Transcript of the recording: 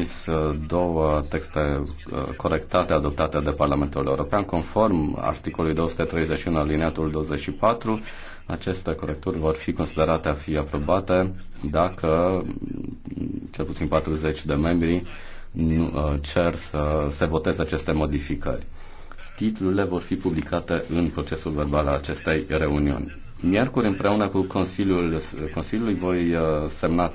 transmis uh, două texte uh, corectate adoptate de Parlamentul European. Conform articolului 231 alineatul 24, aceste corecturi vor fi considerate a fi aprobate dacă mm, cel puțin 40 de membri uh, cer să se voteze aceste modificări. Titlurile vor fi publicate în procesul verbal al acestei reuniuni. Miercuri, împreună cu Consiliul, Consiliului, voi semna